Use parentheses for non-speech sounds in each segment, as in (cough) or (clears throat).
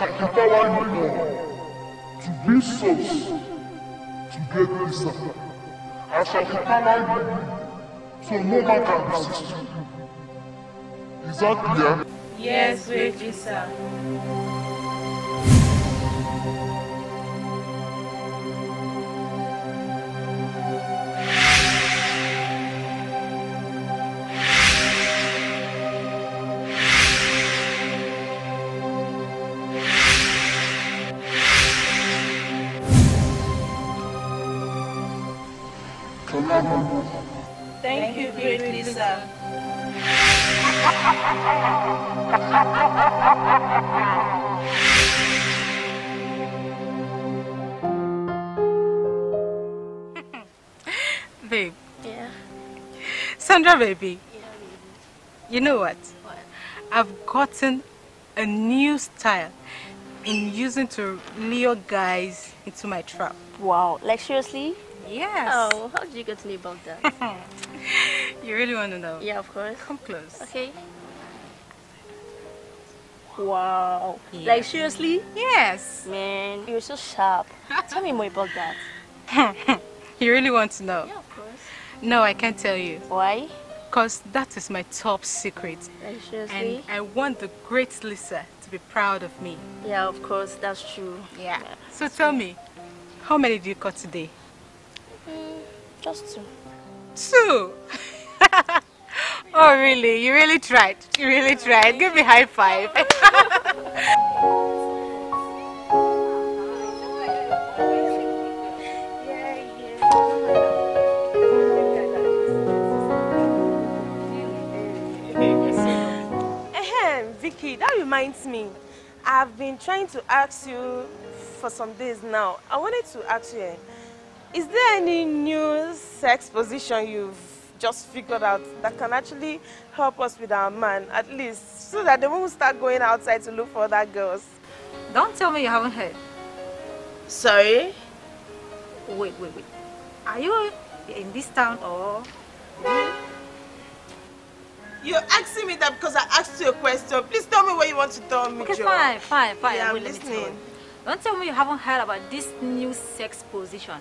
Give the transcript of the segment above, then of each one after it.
Shakita Library to give to great Lisa. And Shakita Library so no man can resist you. Is that clear? Yes, great Thank you, great Lisa. (laughs) babe. Yeah. Sandra, baby. Yeah, baby. You know what? What? I've gotten a new style in using to lure guys into my trap. Wow, like seriously? Yes. Oh, how did you get to know about that? (laughs) you really want to know? Yeah, of course. Come close. Okay. Wow. Yeah. Like, seriously? Yes. Man, you're so sharp. tell me more about that. (laughs) you really want to know? Yeah, of course. No, I can't tell you. Why? Because that is my top secret. Like, seriously? And I want the great Lisa to be proud of me. Yeah, of course. That's true. Yeah. yeah. So tell me, how many do you cut today? Just two. Two? (laughs) oh, really? You really tried. You really tried. Give me high five. Vicky, that reminds me. I've been trying to ask you for some days now. I wanted to ask you, eh, is there any new sex position you've just figured out that can actually help us with our man, at least, so that they won't start going outside to look for other girls? Don't tell me you haven't heard. Sorry? Wait, wait, wait. Are you in this town or... You're asking me that because I asked you a question. Please tell me what you want to tell me, Okay, Joe. fine, fine, fine. Yeah, I'm listening. Don't tell me you haven't heard about this new sex position.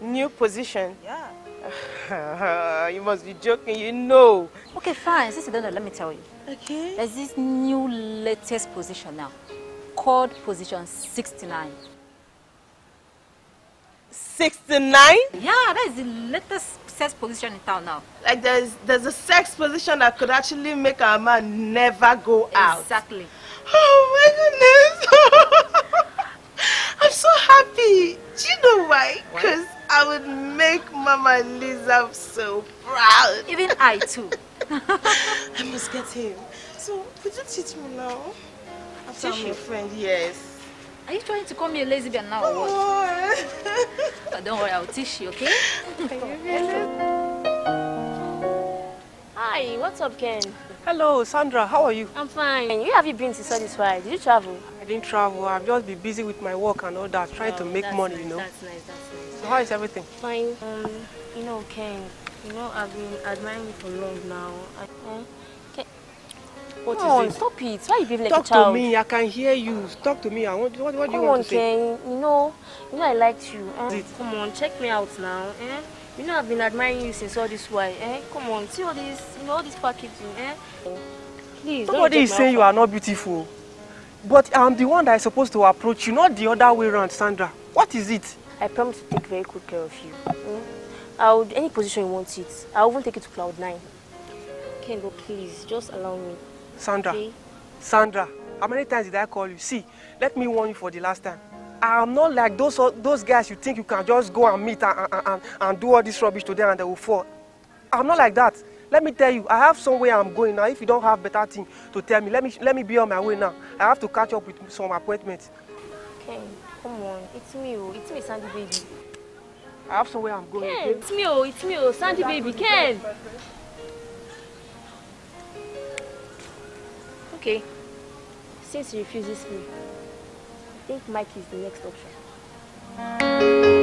New position? Yeah. (laughs) you must be joking, you know. Okay, fine. Since you don't know, let me tell you. Okay. There's this new latest position now called position 69. 69? Yeah, that is the latest sex position in town now. Like there's there's a sex position that could actually make a man never go out. Exactly. Oh my goodness. (laughs) happy. Do you know why? Because I would make Mama Lisa so proud. Even I too. (laughs) I must get him. So, would you teach me now? After teach I'm your friend, yes. Are you trying to call me a lesbian now or what? but don't worry, I'll teach you, okay? (laughs) Hi, what's up, Ken? Hello, Sandra. How are you? I'm fine. Where have you been to satisfy? Did you travel? didn't travel. I've just been busy with my work and all that, trying wow, to make money, nice, you know. That's nice, that's nice. So how is everything? Fine. Um, you know, Ken, you know, I've been admiring you for long now. I, um, what Come on, it? stop it. Why are you behaving like Talk a child? Talk to me. I can hear you. Talk to me. I want, what, what do you want on, to say? Come on, Ken. You know, you know I liked you. Um, come on, check me out now. Eh? You know I've been admiring you since all this while. Eh? Come on, see all this, you know, all this packaging. Eh? Please, Somebody is saying you are not beautiful. But I'm the one that is supposed to approach you, not the other way around, Sandra. What is it? I promise to take very good care of you. Mm? I'll any position you want it. I'll even take you to cloud nine. Kengo, please, just allow me. Sandra, okay? Sandra, how many times did I call you? See, let me warn you for the last time. I am not like those uh, those guys you think you can just go and meet and, and, and, and do all this rubbish to them and they will fall. I'm not like that. Let me tell you, I have somewhere I'm going now. If you don't have better thing to tell me, let me let me be on my way now. I have to catch up with some appointments. Ken, come on. It's me, oh. It's me, Sandy baby. I have somewhere I'm going. Ken, okay? it's me, oh. It's me, oh. Sandy baby. Ken. Okay. Since he refuses me, I think Mike is the next option.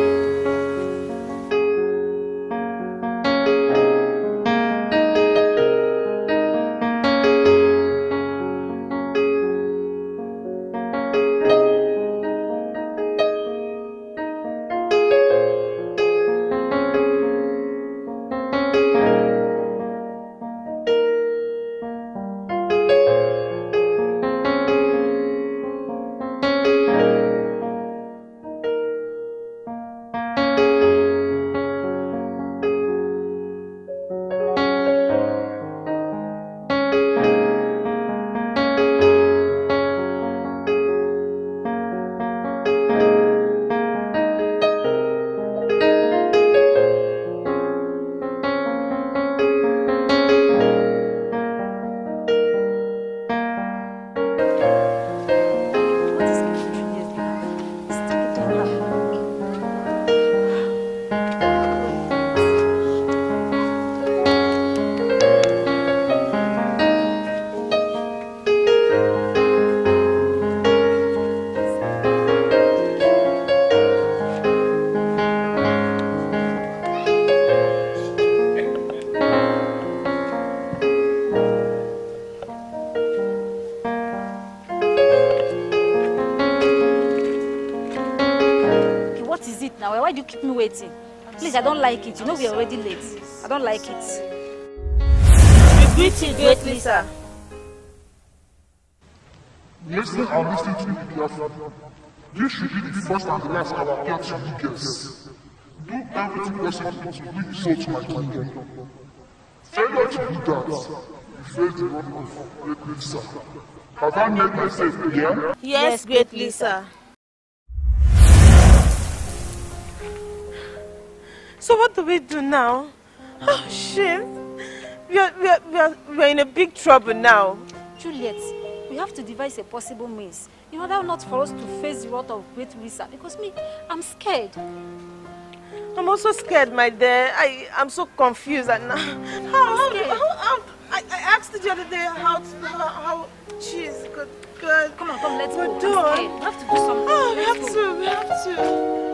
Please, I don't like it. You know we are already late. I don't like it. Regretted, greatly, sir. Listening and listening to you, Biafra. This should be the first and the last our path to you Do everything possible to bring you to my kingdom. Failure to do that, you face the wrath of great Lisa. Have I made myself clear? Yes, greatly, sir. So what do we do now? Ah. Oh, shit. We are, we, are, we, are, we are in a big trouble now. Juliet, we have to devise a possible means in order not for us to face the wrath of great wizard because me, I'm scared. I'm also scared, my dear. I, I'm so confused and (laughs) how, how, how, how, I, I asked the other day how, to, how, how jeez, good, good. Come on, come, let's do it. go. We have to do something. Oh, we have go. to, we have to.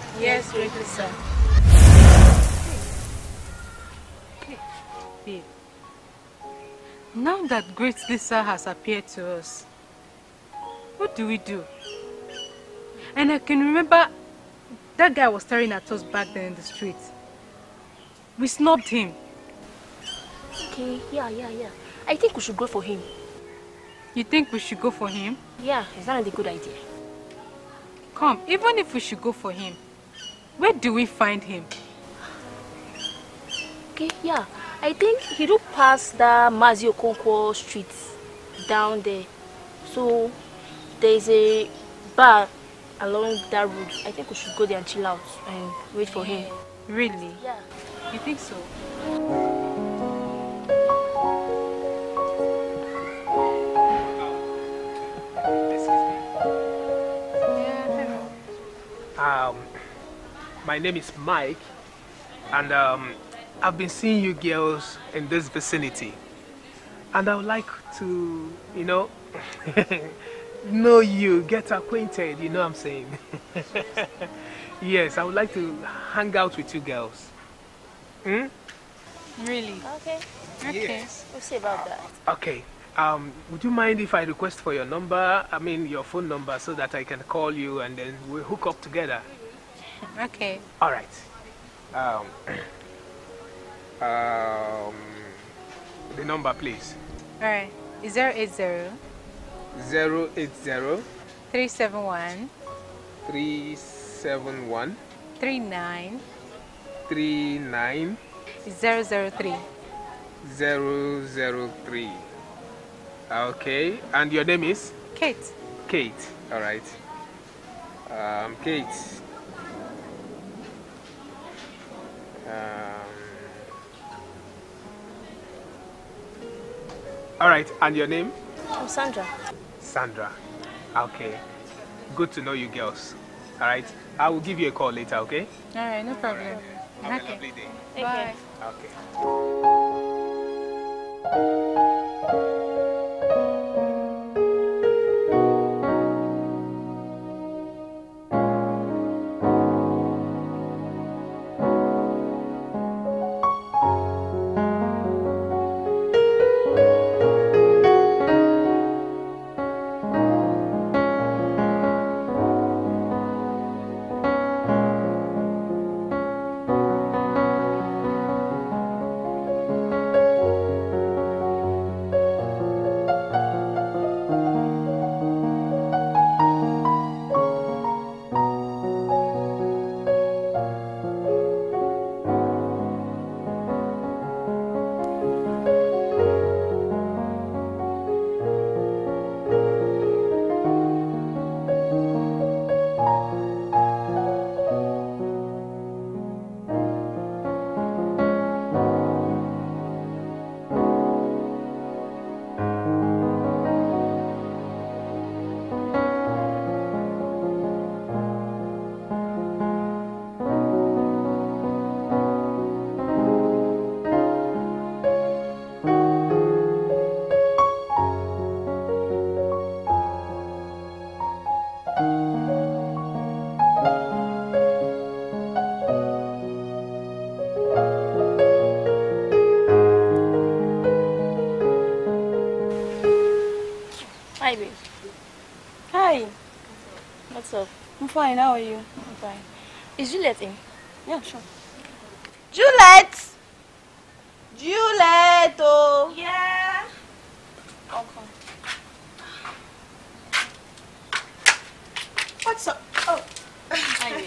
Yes, greatly, sir. Now that Great Lisa has appeared to us, what do we do? And I can remember that guy was staring at us back then in the street. We snubbed him. Okay, yeah, yeah, yeah. I think we should go for him. You think we should go for him? Yeah, is that not a good idea? Come, even if we should go for him, where do we find him? Okay, yeah. I think he do pass the Mazio Conquo street down there. So there's a bar along that road. I think we should go there and chill out and wait for him. Really? Yeah. You think so? My name is Mike, and um, I've been seeing you girls in this vicinity. And I would like to, you know, (laughs) know you, get acquainted, you know what I'm saying? (laughs) yes, I would like to hang out with you girls. Hmm? Really? Okay. Okay. Yes. We'll see about that. Okay. Um, would you mind if I request for your number, I mean your phone number, so that I can call you and then we hook up together? (laughs) Okay. All right. Um, (clears throat) um, the number, please. All right. Zero eight zero. Zero eight zero. Three seven one. Three seven one. Three nine. Three nine. Zero zero three. Zero zero three. Okay. And your name is? Kate. Kate. All right. Um, Kate, Um, all right, and your name? I'm Sandra. Sandra. Okay. Good to know you girls. All right. I will give you a call later, okay? All right, no problem. Right. Have okay. a lovely day. Bye. Okay. fine. How are you? I'm fine. Is Juliette in? Yeah, sure. Juliet! Juliet! Oh! Yeah! i What's up? Oh. (laughs) I'm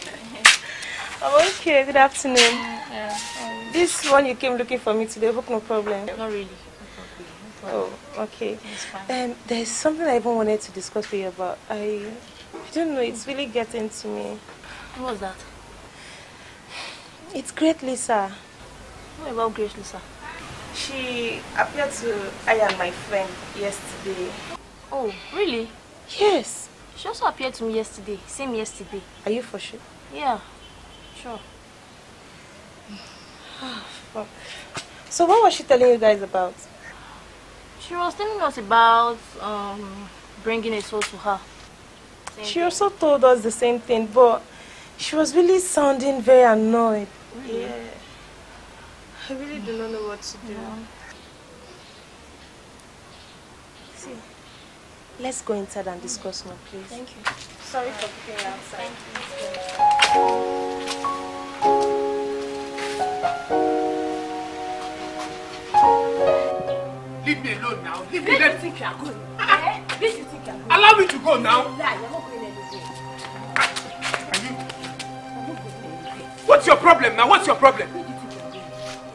okay. Good afternoon. Yeah, um, this one you came looking for me today, Hope no problem. Not really. Oh, okay. It's fine. Um, there's something I even wanted to discuss with you about. I don't know, it's really getting to me. What was that? It's Great Lisa. What about Great Lisa? She appeared to I and my friend yesterday. Oh, really? Yes. She also appeared to me yesterday, same yesterday. Are you for sure? Yeah, sure. (sighs) so what was she telling you guys about? She was telling us about um, bringing a soul to her same she thing. also told us the same thing, but she was really sounding very annoyed. Really? Yeah. I really do not know what to do. No. See, let's go inside and discuss more, please. Thank you. Sorry for keeping you outside. Leave me alone now. Leave me alone. Where do you think you are going? (laughs) Eh? Where do you think you are going? Allow me to go now. Yeah, problem now? What's your problem?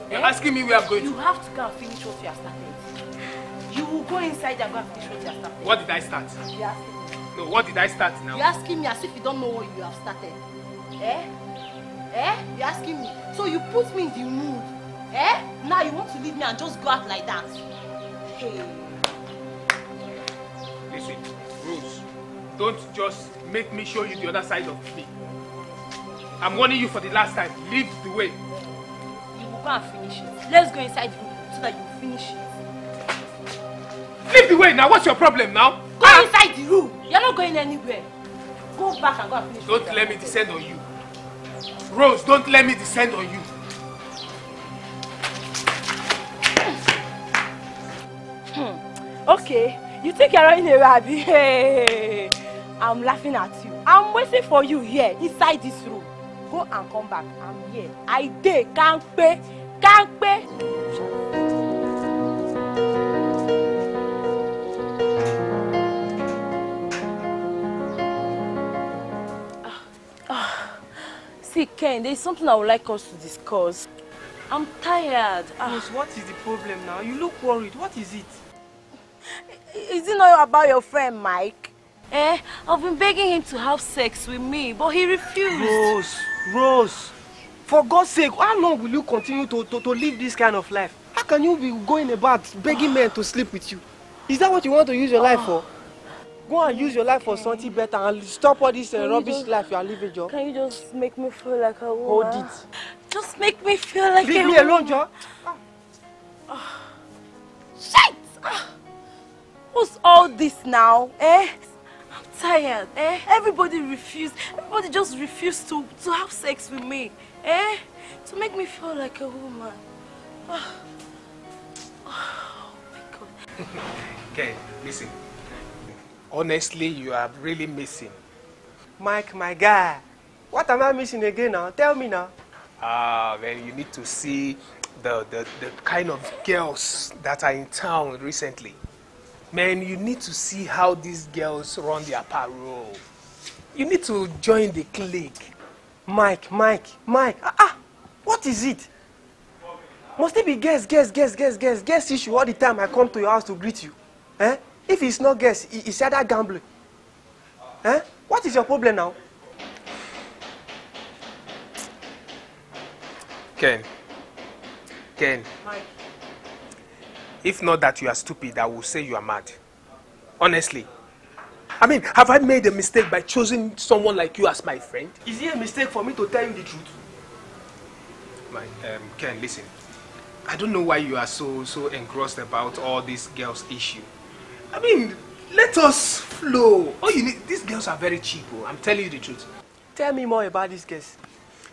You're asking me where I'm going to. You have to go and finish what you have started. You will go inside and go and finish what you have started. What did I start? You're asking me. No, what did I start now? You're asking me as if you don't know what you have started. Eh? Eh? You're asking me. So you put me in the mood. Eh? Now you want to leave me and just go out like that. Hey. Listen, Rose, don't just make me show you the other side of me. I'm warning you for the last time. Leave the way. You will go and finish it. Let's go inside the room so that you finish it. Leave the way now. What's your problem now? Go ah. inside the room. You're not going anywhere. Go back and go and finish it. Don't let me descend on you. Rose, don't let me descend on you. Hmm. Okay, you think you're running away, Abby? (laughs) Hey, I'm laughing at you. I'm waiting for you here inside this room go and come back i'm here i dey can't kampe. Ah. Ah. See, Ken, there's something I would like us to discuss. I'm tired. Ah. Yes, what is the problem now? You look worried. What is it? Is it not about your friend, Mike? Eh, I've been begging him to have sex with me, but he refused. Rose, Rose, for God's sake, how long will you continue to, to, to live this kind of life? How can you be going about begging men to sleep with you? Is that what you want to use your life for? Go and use your life for something better and stop all this uh, rubbish just, life you are living, Joe. Can you just make me feel like a woman? Hold it. Just make me feel like Leave a woman. Leave me alone, Joe. Ah. Ah. Shit! Ah. What's all this now, eh? I'm tired, eh? Everybody refused. Everybody just refused to, to have sex with me, eh? To make me feel like a woman. Oh, oh my God. (laughs) okay, listen. Honestly, you are really missing. Mike, my guy. What am I missing again now? Tell me now. Ah, well, you need to see the, the, the kind of girls that are in town recently. man, you need to see how these girls run their parole. You need to join the clique. Mike, Mike, Mike. Ah, ah what is it? Must it be guess, guess, guess, guess, guess, guess issue all the time I come to your house to greet you? Eh? If it's not guess, it's either gambling. Eh? What is your problem now? Ken. Ken. Mike. If not that you are stupid, I will say you are mad. Honestly. I mean, have I made a mistake by choosing someone like you as my friend? Is it a mistake for me to tell you the truth? My, um, Ken, listen. I don't know why you are so, so engrossed about all these girls' issue. I mean, let us flow. All you need, these girls are very cheap, oh, I'm telling you the truth. Tell me more about these girls.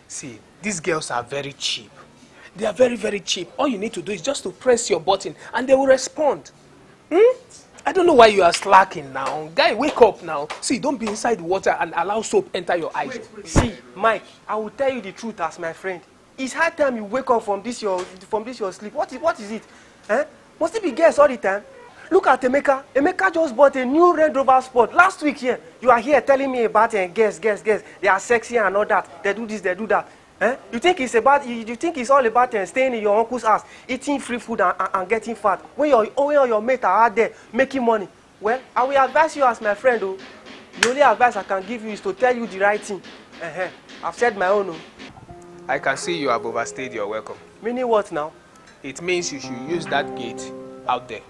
See, these girls are very cheap. They are very, very cheap. All you need to do is just to press your button and they will respond. Hmm? I don't know why you are slacking now. Guy, wake up now. See, don't be inside water and allow soap enter your eyes. Wait, wait, See, Mike, I will tell you the truth as my friend. It's high time you wake up from this your from this your sleep. What is what is it? Eh? Must it be girls all the time? Look at Emeka. Emeka just bought a new Range Rover Sport last week here. You are here telling me about it. Eh, girls, girls, girls. They are sexy and all that. They do this, they do that. Eh? You think it's about you, you think it's all about uh, staying in your uncle's house, eating free food and, and, and getting fat. When your when your mates are out there making money, well, I will advise you as my friend. Oh, the only advice I can give you is to tell you the right thing. Uh-huh. I've said my own. Oh. I can see you have overstayed your welcome. Meaning what now? It means you should use that gate out there.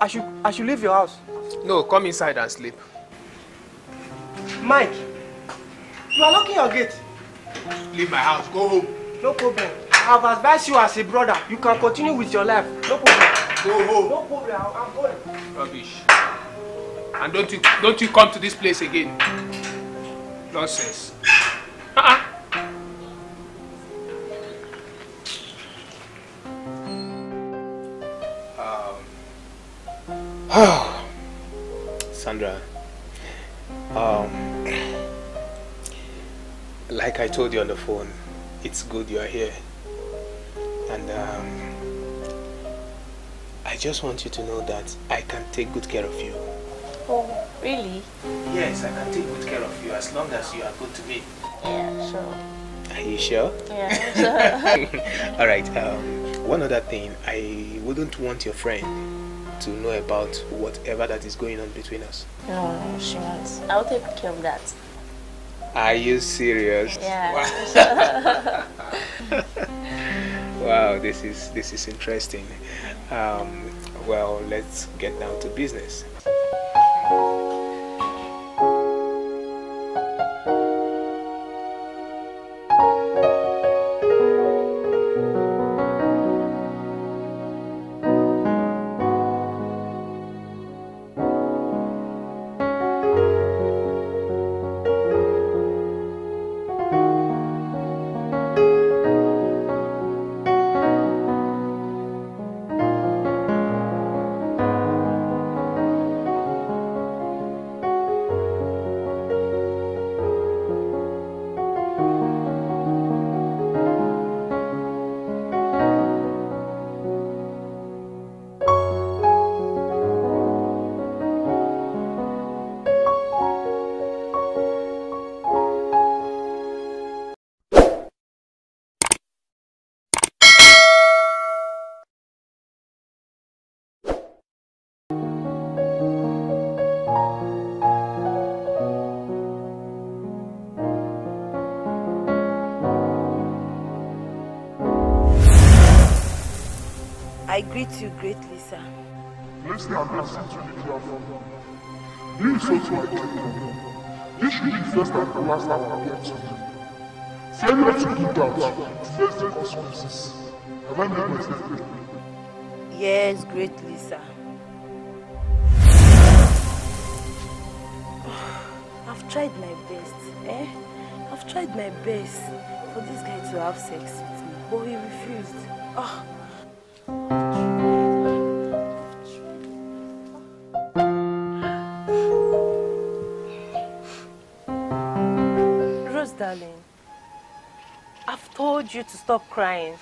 I should I should leave your house. No, come inside and sleep. Mike, you are locking your gate. Leave my house. Go home. No problem. I have advised you as a brother. You can continue with your life. No problem. Go home. No problem. I'm going. Rubbish. And don't you don't you come to this place again. Nonsense. Uh-uh. Um. (sighs) Sandra. Um. like I told you on the phone, it's good you are here. And um, I just want you to know that I can take good care of you. Oh, really? Yes, I can take good care of you as long as you are good to me. Yeah, sure. Are you sure? Yeah, (laughs) sure. All right. Um, one other thing, I wouldn't want your friend to know about whatever that is going on between us. No, oh, she won't. I'll take care of that. Are you serious? Yeah. Wow. (laughs) wow, this is this is interesting. Um, well, let's get down to business. I greet you greatly, sir. Blessed and blessed to you, dear father. so to my kingdom. This should be first and the last time I get to you. Failure to do that, face the consequences. Have I made mistakes greatly? Yes, greatly, sir. (sighs) I've tried my best, eh? I've tried my best for this guy to have sex with me, but he refused. Oh, Rose, darling, I've told you to stop crying.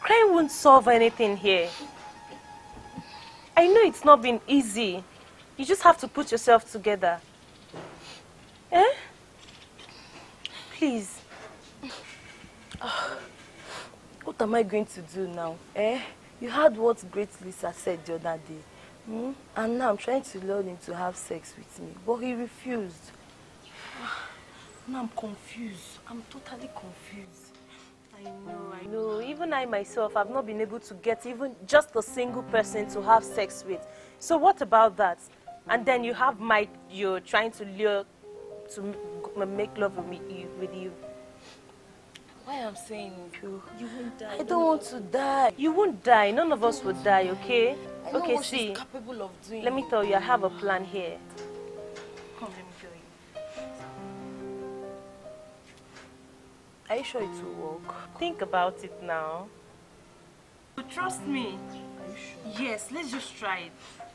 Crying won't solve anything here. I know it's not been easy. You just have to put yourself together. Eh? Please. What am I going to do now? Eh? You heard what great Lisa said the other day. Hmm? And now I'm trying to lure him to have sex with me. But he refused. (sighs) now I'm confused. I'm totally confused. I know, I know. Even I myself, I've not been able to get even just a single person to have sex with. So what about that? And then you have Mike, you're trying to lure to make love with, me, with you. Why I'm saying you, you won't die. I don't, want to die. You won't die. None of us will die, okay? I know okay, what see. She's capable of doing. Let me tell you, I have a plan here. Come, let me tell you. Are you sure it will work? Think about it now. Trust me. Are you sure? Yes, let's just try it.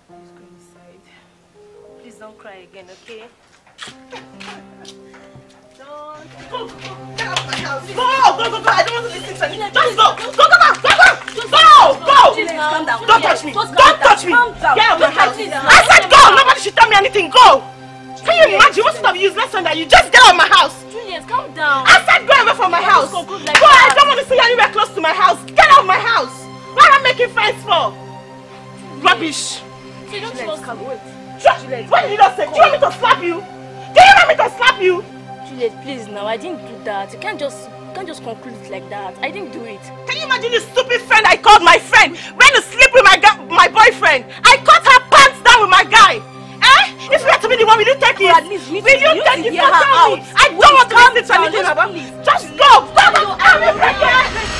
Let's go inside. Please don't cry again, okay? (laughs) Go, go, Go, I don't want to listen to you. Just go. Go, go, go, go, go. Go, Don't touch me. Don't touch me. Get out I said go. Nobody should tell me anything. Go. Can you imagine what sort of useless son that you just get out of my house? Julius, calm down. I said go away from my house. Go, I don't want to see you anywhere close to my house. Get out of my house. What am making friends for? Rubbish. So you don't Juliet, come. Wait. Juliet, what did you just say? Do you want me to slap you? Do you want me to slap you? Juliet, please now. I didn't do that. You can't just you can't just conclude it like that. I didn't do it. Can you imagine the stupid friend I called my friend? when to sleep with my my boyfriend. I cut her pants down with my guy. Eh? If you had to be the one, will you take it? At least will you, you take it? Her out. I don't want to listen to anything about Just go. Go. Go. Go. Go. Go.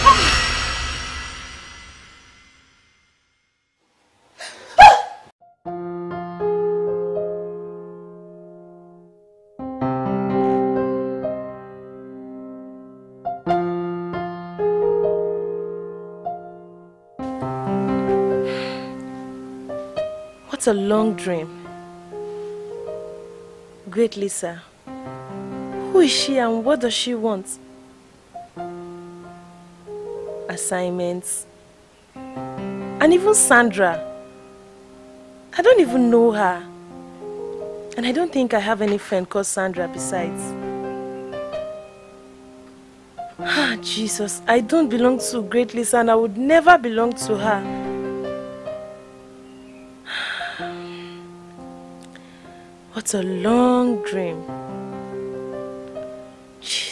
It's a long dream. Great Lisa. Who is she and what does she want? Assignments. And even Sandra. I don't even know her. And I don't think I have any friend called Sandra besides. Ah, Jesus, I don't belong to Great Lisa and I would never belong to her. What a long dream. Jeez.